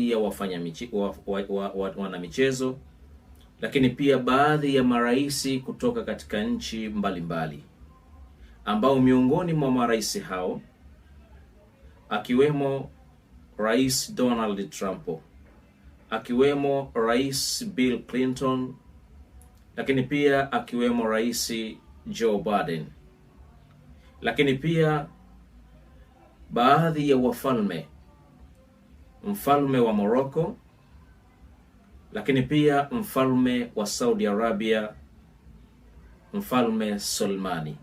ya wafanya michi, wa, wa, wa, wanamichezo lakini pia baadhi ya maraisi kutoka katika nchi mbalimbali mbali, ambao miongoni mwa marais hao akiwemo Rais Donald Trump akiwemo Rais Bill Clinton lakini pia akiwemo Rais Joe Biden lakini pia baadhi ya wafalme mfalme wa Morocco, lakini pia mfalme wa Saudi Arabia, mfalme Solmani.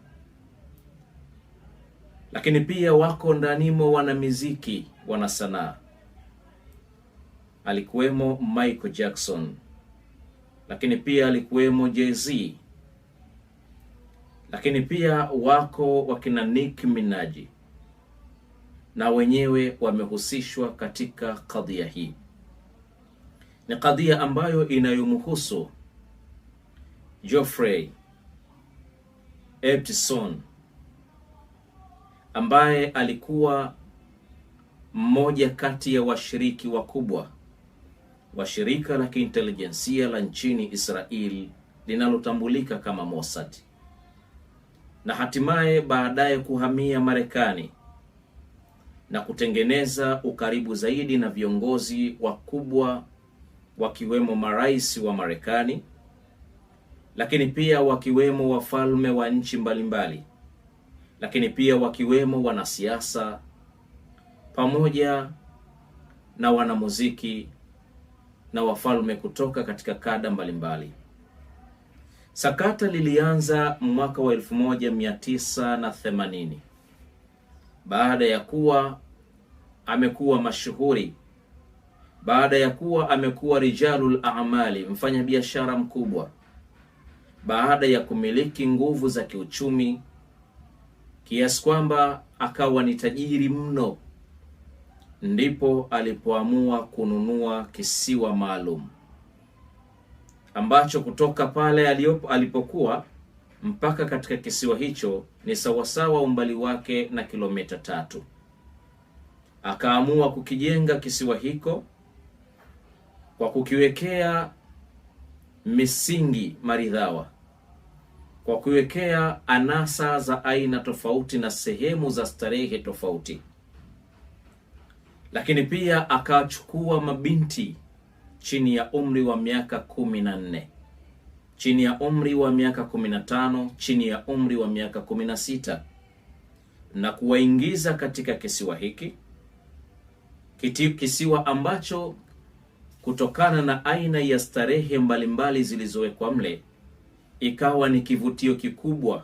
Lakini pia wako ndanimo wanamiziki, wana sanaa, alikuwemo Michael Jackson, lakini pia alikuwemo Jay-Z, lakini pia wako wakina Nicki Minaj na wenyewe wamehusishwa katika kadhia hii. Ni kadhia ambayo inayomhusu Geoffrey Epstein ambaye alikuwa mmoja kati ya washiriki wakubwa wa shirika la kiintelijensia la nchini Israel linalotambulika kama Mossad na hatimaye baadaye kuhamia Marekani na kutengeneza ukaribu zaidi na viongozi wakubwa wakiwemo marais wa Marekani, lakini pia wakiwemo wafalme wa nchi mbalimbali, lakini pia wakiwemo wanasiasa pamoja na wanamuziki na wafalme kutoka katika kada mbalimbali. Sakata lilianza mwaka wa 1980 baada ya kuwa amekuwa mashuhuri, baada ya kuwa amekuwa rijalul a'mali, mfanya biashara mkubwa, baada ya kumiliki nguvu za kiuchumi kiasi kwamba akawa ni tajiri mno, ndipo alipoamua kununua kisiwa maalum ambacho kutoka pale alipokuwa mpaka katika kisiwa hicho ni sawasawa umbali wake na kilomita tatu. Akaamua kukijenga kisiwa hiko kwa kukiwekea misingi maridhawa, kwa kuwekea anasa za aina tofauti na sehemu za starehe tofauti, lakini pia akachukua mabinti chini ya umri wa miaka kumi na nne chini ya umri wa miaka 15, chini ya umri wa miaka 16 na kuwaingiza katika kisiwa hiki kiti, kisiwa ambacho kutokana na aina ya starehe mbalimbali zilizowekwa mle ikawa ni kivutio kikubwa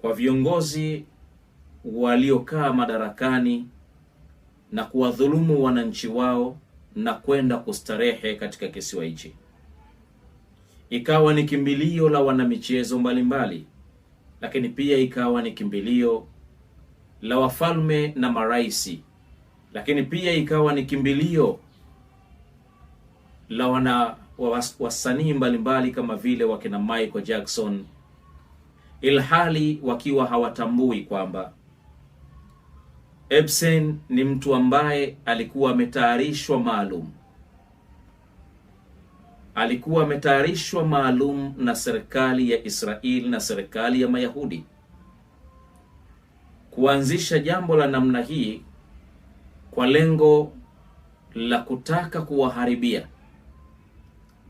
kwa viongozi waliokaa madarakani na kuwadhulumu wananchi wao na kwenda kustarehe katika kisiwa hichi ikawa ni kimbilio la wanamichezo mbalimbali, lakini pia ikawa ni kimbilio la wafalme na maraisi, lakini pia ikawa ni kimbilio la wana wasanii mbalimbali kama vile wakina Michael Jackson, ilhali wakiwa hawatambui kwamba Epstein ni mtu ambaye alikuwa ametayarishwa maalum alikuwa ametayarishwa maalum na serikali ya Israeli na serikali ya Mayahudi. Kuanzisha jambo la namna hii kwa lengo la kutaka kuwaharibia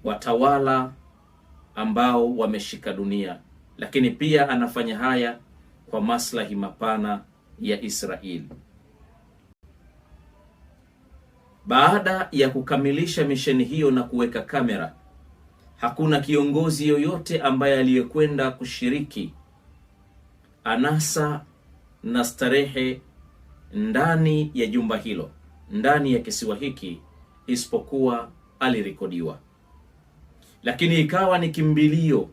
watawala ambao wameshika dunia, lakini pia anafanya haya kwa maslahi mapana ya Israeli. Baada ya kukamilisha misheni hiyo na kuweka kamera, hakuna kiongozi yoyote ambaye aliyekwenda kushiriki anasa na starehe ndani ya jumba hilo, ndani ya kisiwa hiki, isipokuwa alirekodiwa. Lakini ikawa ni kimbilio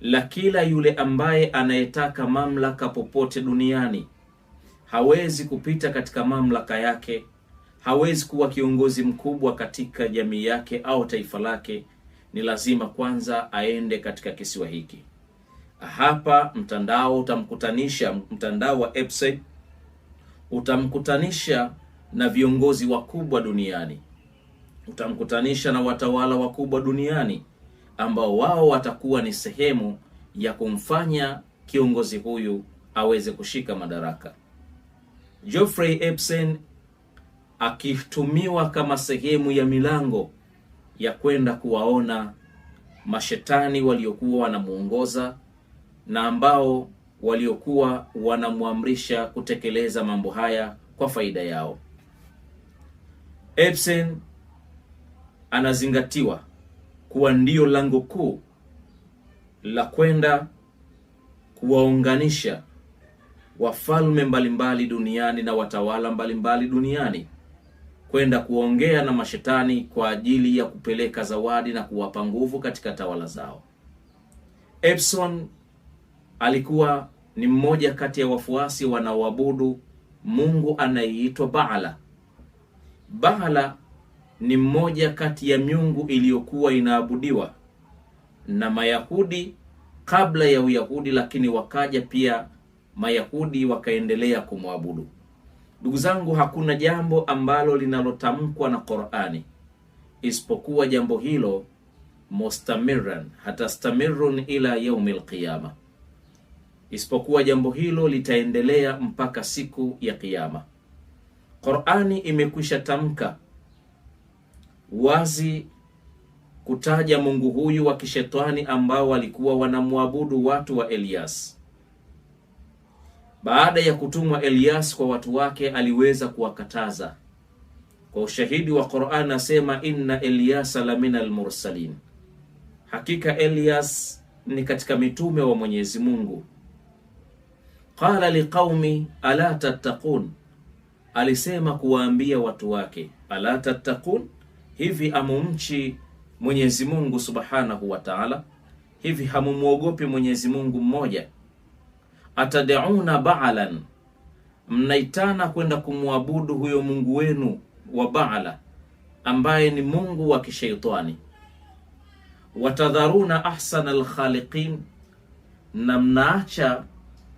la kila yule ambaye anayetaka mamlaka popote duniani, hawezi kupita katika mamlaka yake hawezi kuwa kiongozi mkubwa katika jamii yake au taifa lake, ni lazima kwanza aende katika kisiwa hiki. Hapa mtandao utamkutanisha, mtandao wa EPSAID utamkutanisha na viongozi wakubwa duniani, utamkutanisha na watawala wakubwa duniani ambao wao watakuwa ni sehemu ya kumfanya kiongozi huyu aweze kushika madaraka. Geoffrey Epstein akitumiwa kama sehemu ya milango ya kwenda kuwaona mashetani waliokuwa wanamuongoza na ambao waliokuwa wanamwamrisha kutekeleza mambo haya kwa faida yao. Epstein anazingatiwa kuwa ndiyo lango kuu la kwenda kuwaunganisha wafalme mbalimbali duniani na watawala mbalimbali duniani kwenda kuongea na mashetani kwa ajili ya kupeleka zawadi na kuwapa nguvu katika tawala zao. Epson alikuwa ni mmoja kati ya wafuasi wanaoabudu mungu anayeitwa Baala. Baala ni mmoja kati ya miungu iliyokuwa inaabudiwa na Mayahudi kabla ya Uyahudi, lakini wakaja pia Mayahudi wakaendelea kumwabudu. Ndugu zangu, hakuna jambo ambalo linalotamkwa na Qur'ani isipokuwa jambo hilo hata stamirun ila yaumil qiyama, isipokuwa jambo hilo litaendelea mpaka siku ya Kiyama. Qur'ani imekwisha tamka wazi kutaja Mungu huyu wa kishetani ambao walikuwa wanamwabudu watu wa Elias baada ya kutumwa Elias kwa watu wake, aliweza kuwakataza kwa ushahidi wa Qur'an, asema inna Eliasa la minal mursalin, hakika Elias ni katika mitume wa Mwenyezi Mungu. Qala liqaumi ala tattaqun, alisema kuwaambia watu wake, ala tattaqun, hivi amumchi Mwenyezi Mungu subhanahu wa ta'ala, hivi hamumwogopi Mwenyezi Mungu mmoja atadauna baalan, mnaitana kwenda kumwabudu huyo mungu wenu wa baala, ambaye ni mungu wa kisheitani. Watadharuna ahsana alkhaliqin, na mnaacha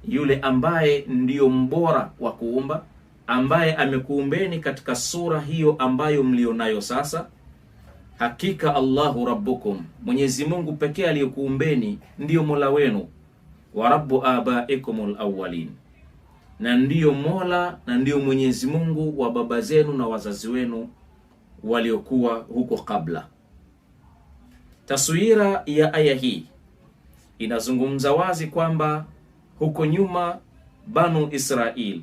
yule ambaye ndiyo mbora wa kuumba, ambaye amekuumbeni katika sura hiyo ambayo mlionayo sasa. Hakika Allahu rabbukum, Mwenyezi Mungu pekee aliyekuumbeni ndiyo mola wenu wa rabbu abaikumul awwalin, na ndiyo Mola na ndiyo Mwenyezi Mungu wa baba zenu na wazazi wenu waliokuwa huko kabla. Taswira ya aya hii inazungumza wazi kwamba huko nyuma Banu Israel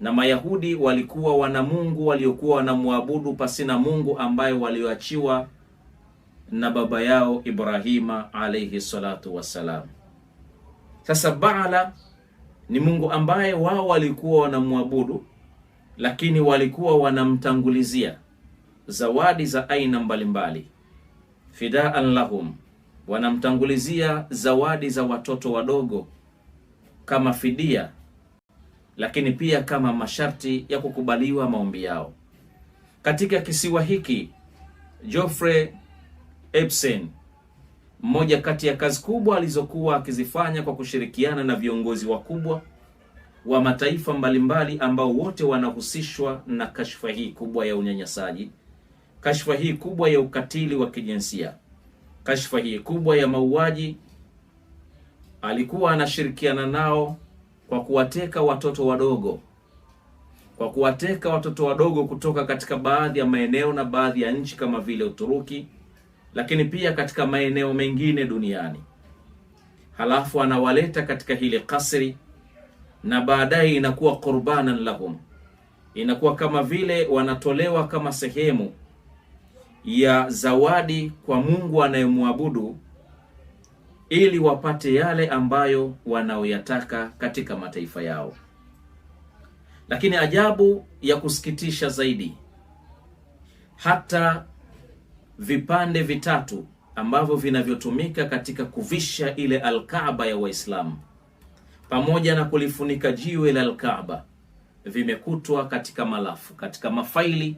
na Mayahudi walikuwa wana mungu waliokuwa wanamwabudu pasina Mungu ambaye walioachiwa na baba yao Ibrahima alayhi salatu wassalam. Sasa Baala ni mungu ambaye wao walikuwa wanamwabudu, lakini walikuwa wanamtangulizia zawadi za aina mbalimbali. Fidaan lahum, wanamtangulizia zawadi za watoto wadogo kama fidia, lakini pia kama masharti ya kukubaliwa maombi yao. Katika kisiwa hiki Geoffrey Epstein mmoja kati ya kazi kubwa alizokuwa akizifanya kwa kushirikiana na viongozi wakubwa wa mataifa mbalimbali ambao wote wanahusishwa na kashfa hii kubwa ya unyanyasaji, kashfa hii kubwa ya ukatili wa kijinsia, kashfa hii kubwa ya mauaji. Alikuwa anashirikiana nao kwa kuwateka watoto wadogo, kwa kuwateka watoto wadogo kutoka katika baadhi ya maeneo na baadhi ya nchi kama vile Uturuki lakini pia katika maeneo mengine duniani. Halafu anawaleta katika hili kasri, na baadaye inakuwa qurbanan lahum, inakuwa kama vile wanatolewa kama sehemu ya zawadi kwa Mungu anayemwabudu ili wapate yale ambayo wanaoyataka katika mataifa yao. Lakini ajabu ya kusikitisha zaidi, hata vipande vitatu ambavyo vinavyotumika katika kuvisha ile Alkaaba ya Waislamu pamoja na kulifunika jiwe la Alkaaba vimekutwa katika malafu, katika mafaili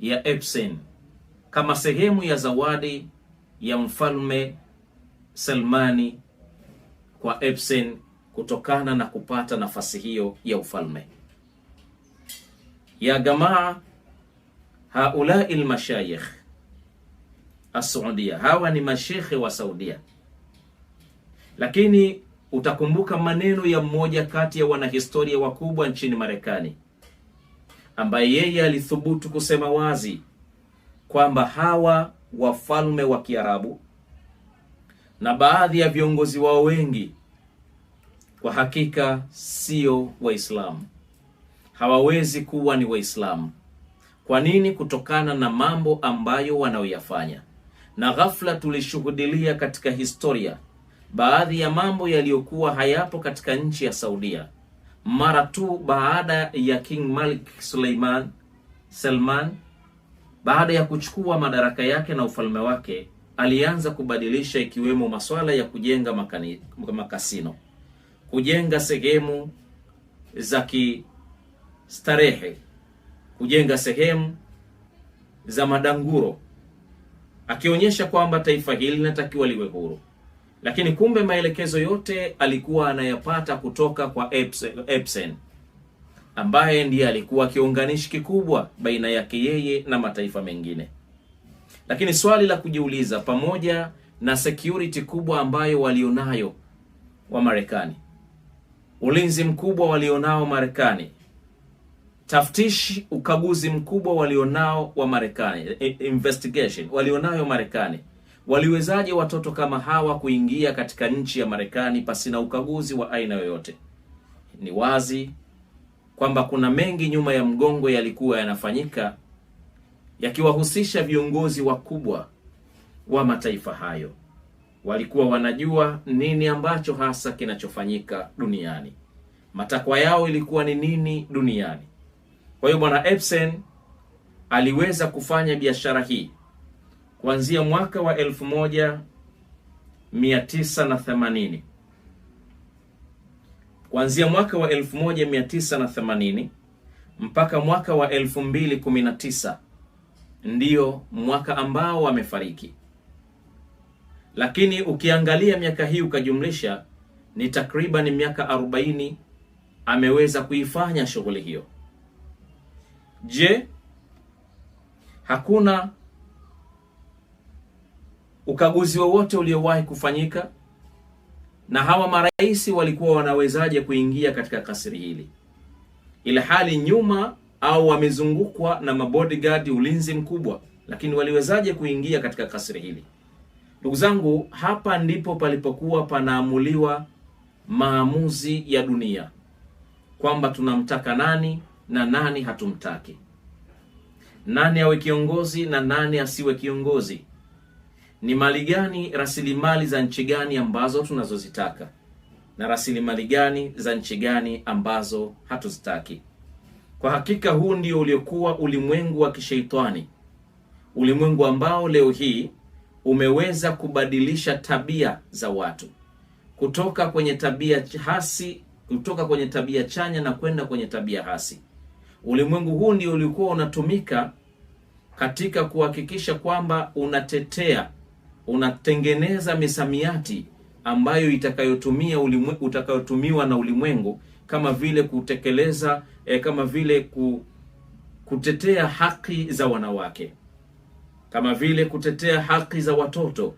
ya Epstein kama sehemu ya zawadi ya mfalme Salmani kwa Epstein kutokana na kupata nafasi hiyo ya ufalme. Ya jamaa haulai lmashayikh saudia Hawa ni mashehe wa Saudia, lakini utakumbuka maneno ya mmoja kati ya wanahistoria wakubwa nchini Marekani ambaye yeye alithubutu kusema wazi kwamba hawa wafalme wa Kiarabu na baadhi ya viongozi wao wengi kwa hakika sio Waislamu, hawawezi kuwa ni Waislamu. Kwa nini? Kutokana na mambo ambayo wanaoyafanya na ghafla tulishuhudilia katika historia baadhi ya mambo yaliyokuwa hayapo katika nchi ya Saudia mara tu baada ya King Malik Suleiman Salman baada ya kuchukua madaraka yake na ufalme wake, alianza kubadilisha ikiwemo masuala ya kujenga makani, makasino, kujenga sehemu za kistarehe, kujenga sehemu za madanguro akionyesha kwamba taifa hili linatakiwa liwe huru, lakini kumbe maelekezo yote alikuwa anayapata kutoka kwa Epstein ambaye ndiye alikuwa kiunganishi kikubwa baina yake yeye na mataifa mengine. Lakini swali la kujiuliza, pamoja na security kubwa ambayo walionayo wa Marekani, ulinzi mkubwa walionao Marekani, taftishi, ukaguzi mkubwa walionao wa Marekani, eh, investigation walionayo Marekani. Waliwezaje watoto kama hawa kuingia katika nchi ya Marekani pasina ukaguzi wa aina yoyote? Ni wazi kwamba kuna mengi nyuma ya mgongo yalikuwa yanafanyika yakiwahusisha viongozi wakubwa wa mataifa hayo. Walikuwa wanajua nini ambacho hasa kinachofanyika duniani, matakwa yao ilikuwa ni nini duniani. Kwa hiyo bwana Epstein aliweza kufanya biashara hii kuanzia mwaka wa 1980 kuanzia mwaka wa 1980 mpaka mwaka wa 2019 ndiyo mwaka ambao amefariki. Lakini ukiangalia miaka hii ukajumlisha, ni takriban miaka 40 ameweza kuifanya shughuli hiyo. Je, hakuna ukaguzi wowote uliowahi kufanyika? Na hawa marais walikuwa wanawezaje kuingia katika kasri hili, ila hali nyuma au wamezungukwa na mabodyguard, ulinzi mkubwa, lakini waliwezaje kuingia katika kasri hili? Ndugu zangu, hapa ndipo palipokuwa panaamuliwa maamuzi ya dunia kwamba tunamtaka nani na nani hatumtaki, nani awe kiongozi na nani asiwe kiongozi, ni mali gani, rasilimali za nchi gani ambazo tunazozitaka na rasilimali gani za nchi gani ambazo hatuzitaki. Kwa hakika huu ndio uliokuwa ulimwengu wa kisheitani, ulimwengu ambao leo hii umeweza kubadilisha tabia za watu kutoka kwenye tabia hasi, kutoka kwenye tabia chanya na kwenda kwenye tabia hasi. Ulimwengu huu ndio ulikuwa unatumika katika kuhakikisha kwamba unatetea, unatengeneza misamiati ambayo itakayotumia ulimwe, utakayotumiwa na ulimwengu kama vile kutekeleza eh, kama vile ku, kutetea haki za wanawake, kama vile kutetea haki za watoto,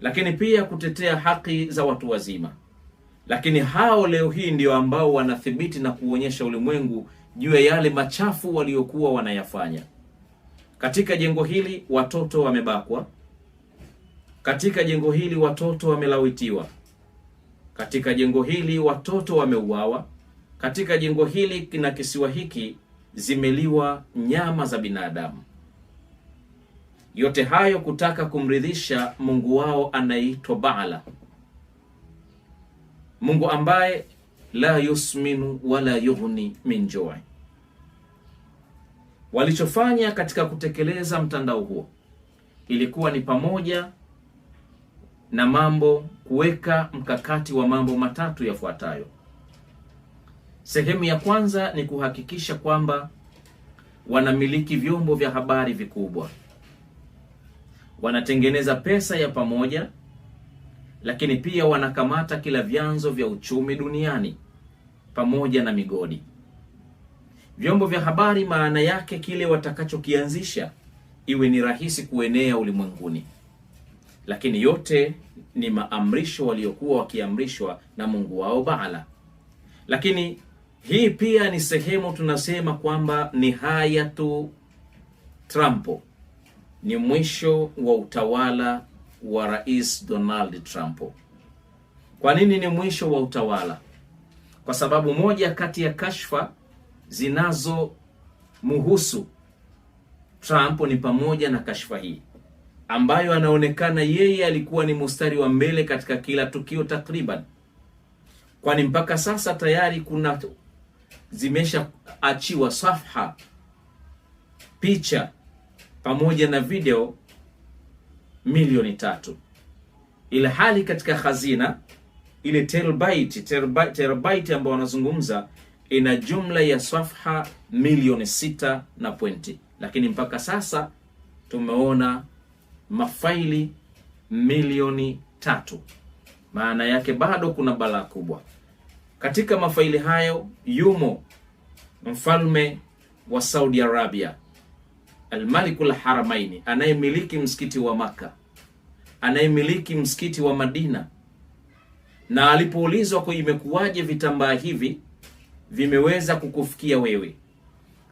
lakini pia kutetea haki za watu wazima. Lakini hao leo hii ndio ambao wanathibiti na kuonyesha ulimwengu juu ya yale machafu waliokuwa wanayafanya. Katika jengo hili watoto wamebakwa, katika jengo hili watoto wamelawitiwa, katika jengo hili watoto wameuawa, katika jengo hili na kisiwa hiki zimeliwa nyama za binadamu. Yote hayo kutaka kumridhisha Mungu wao anaitwa Baala, Mungu ambaye la yusminu wala yughni min Walichofanya katika kutekeleza mtandao huo ilikuwa ni pamoja na mambo kuweka mkakati wa mambo matatu yafuatayo. Sehemu ya kwanza ni kuhakikisha kwamba wanamiliki vyombo vya habari vikubwa, wanatengeneza pesa ya pamoja, lakini pia wanakamata kila vyanzo vya uchumi duniani pamoja na migodi vyombo vya habari, maana yake kile watakachokianzisha iwe ni rahisi kuenea ulimwenguni, lakini yote ni maamrisho waliokuwa wakiamrishwa na Mungu wao Baala. Lakini hii pia ni sehemu tunasema kwamba ni hayatu Trumpo, ni mwisho wa utawala wa Rais Donald Trump. Kwa nini ni mwisho wa utawala? Kwa sababu moja kati ya kashfa zinazomhusu Trump ni pamoja na kashfa hii ambayo anaonekana yeye alikuwa ni mstari wa mbele katika kila tukio takriban, kwani mpaka sasa tayari kuna zimeshaachiwa safha, picha pamoja na video milioni tatu, ila hali katika hazina ile terabyte terabyte ambayo wanazungumza ina jumla ya safha milioni sita na pointi, lakini mpaka sasa tumeona mafaili milioni tatu. Maana yake bado kuna balaa kubwa. Katika mafaili hayo yumo mfalme wa Saudi Arabia Almalikul Haramaini, anayemiliki msikiti wa Makka, anayemiliki msikiti wa Madina. Na alipoulizwa kwa imekuwaje vitambaa hivi vimeweza kukufikia wewe.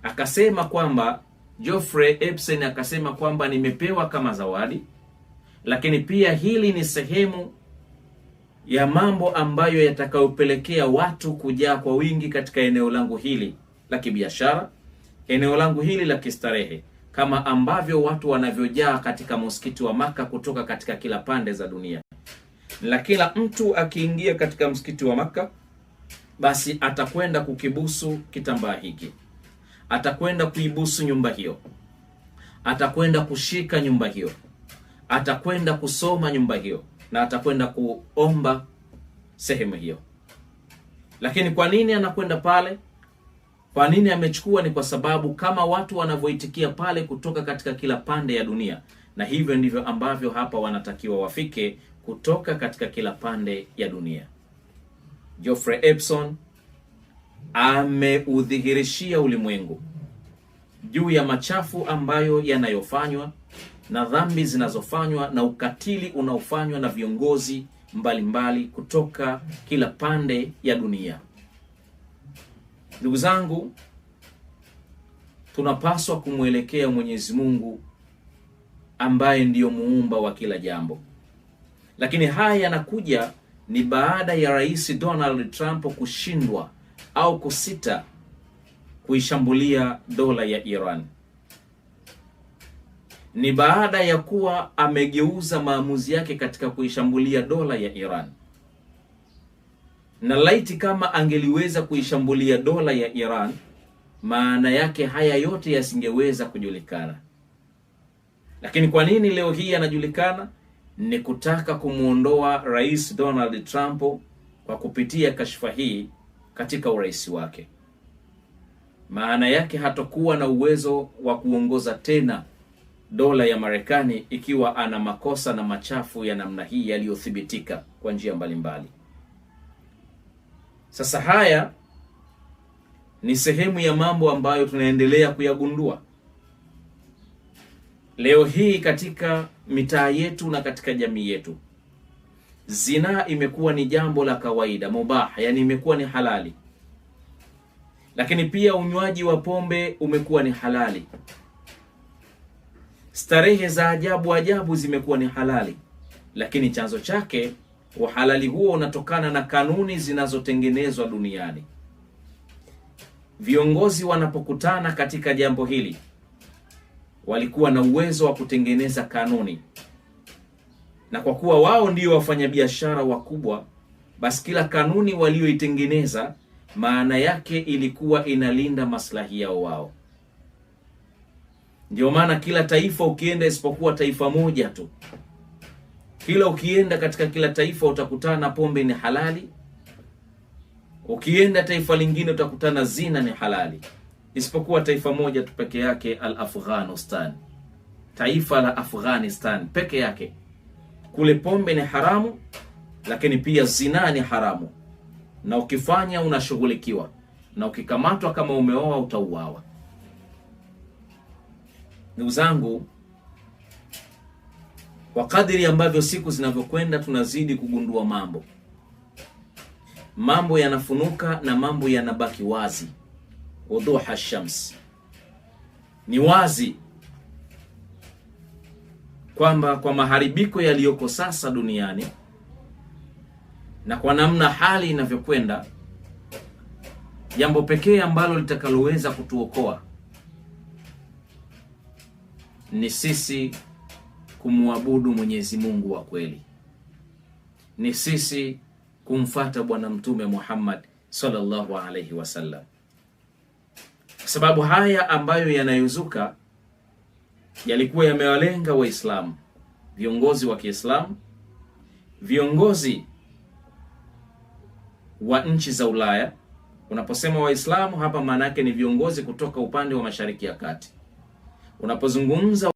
Akasema kwamba Geoffrey Epstein akasema kwamba nimepewa kama zawadi, lakini pia hili ni sehemu ya mambo ambayo yatakayopelekea watu kujaa kwa wingi katika eneo langu hili la kibiashara, eneo langu hili la kistarehe, kama ambavyo watu wanavyojaa katika msikiti wa Maka kutoka katika kila pande za dunia. Na kila mtu akiingia katika msikiti wa Maka basi atakwenda kukibusu kitambaa hiki, atakwenda kuibusu nyumba hiyo, atakwenda kushika nyumba hiyo, atakwenda kusoma nyumba hiyo, na atakwenda kuomba sehemu hiyo. Lakini kwa nini anakwenda pale? Kwa nini amechukua? Ni kwa sababu kama watu wanavyoitikia pale, kutoka katika kila pande ya dunia, na hivyo ndivyo ambavyo hapa wanatakiwa wafike, kutoka katika kila pande ya dunia. Geoffrey Epson ameudhihirishia ulimwengu juu ya machafu ambayo yanayofanywa na dhambi zinazofanywa na ukatili unaofanywa na viongozi mbalimbali mbali kutoka kila pande ya dunia. Ndugu zangu, tunapaswa kumwelekea Mwenyezi Mungu ambaye ndiyo muumba wa kila jambo, lakini haya yanakuja ni baada ya Rais Donald Trump kushindwa au kusita kuishambulia dola ya Iran. Ni baada ya kuwa amegeuza maamuzi yake katika kuishambulia dola ya Iran. Na laiti kama angeliweza kuishambulia dola ya Iran, maana yake haya yote yasingeweza kujulikana. Lakini kwa nini leo hii yanajulikana? ni kutaka kumwondoa Rais Donald Trump kwa kupitia kashfa hii katika urais wake. Maana yake hatakuwa na uwezo wa kuongoza tena dola ya Marekani ikiwa ana makosa na machafu ya namna hii yaliyothibitika kwa njia mbalimbali. Sasa haya ni sehemu ya mambo ambayo tunaendelea kuyagundua leo hii katika mitaa yetu na katika jamii yetu. Zinaa imekuwa ni jambo la kawaida mubah, yani imekuwa ni halali, lakini pia unywaji wa pombe umekuwa ni halali, starehe za ajabu ajabu zimekuwa ni halali, lakini chanzo chake uhalali huo unatokana na kanuni zinazotengenezwa duniani. Viongozi wanapokutana katika jambo hili walikuwa na uwezo wa kutengeneza kanuni, na kwa kuwa wao ndio wafanyabiashara wakubwa, basi kila kanuni walioitengeneza maana yake ilikuwa inalinda maslahi yao wao. Ndio maana kila taifa ukienda, isipokuwa taifa moja tu, kila ukienda katika kila taifa utakutana pombe ni halali, ukienda taifa lingine utakutana zina ni halali isipokuwa taifa moja tu peke yake, al Afghanistan, taifa la Afghanistan peke yake. Kule pombe ni haramu, lakini pia zinaa ni haramu, na ukifanya unashughulikiwa, na ukikamatwa kama umeoa utauawa. Ndugu zangu, kwa kadiri ambavyo siku zinavyokwenda, tunazidi kugundua mambo, mambo yanafunuka na mambo yanabaki wazi wuduha shams, ni wazi kwamba kwa maharibiko yaliyoko sasa duniani na kwa namna hali inavyokwenda, jambo pekee ambalo litakaloweza kutuokoa ni sisi kumwabudu Mwenyezi Mungu wa kweli, ni sisi kumfata Bwana Mtume Muhammad sallallahu alaihi wasallam sababu haya ambayo yanayozuka yalikuwa yamewalenga Waislamu, viongozi wa Kiislamu, viongozi wa nchi za Ulaya. Unaposema Waislamu hapa maana yake ni viongozi kutoka upande wa Mashariki ya Kati. Unapozungumza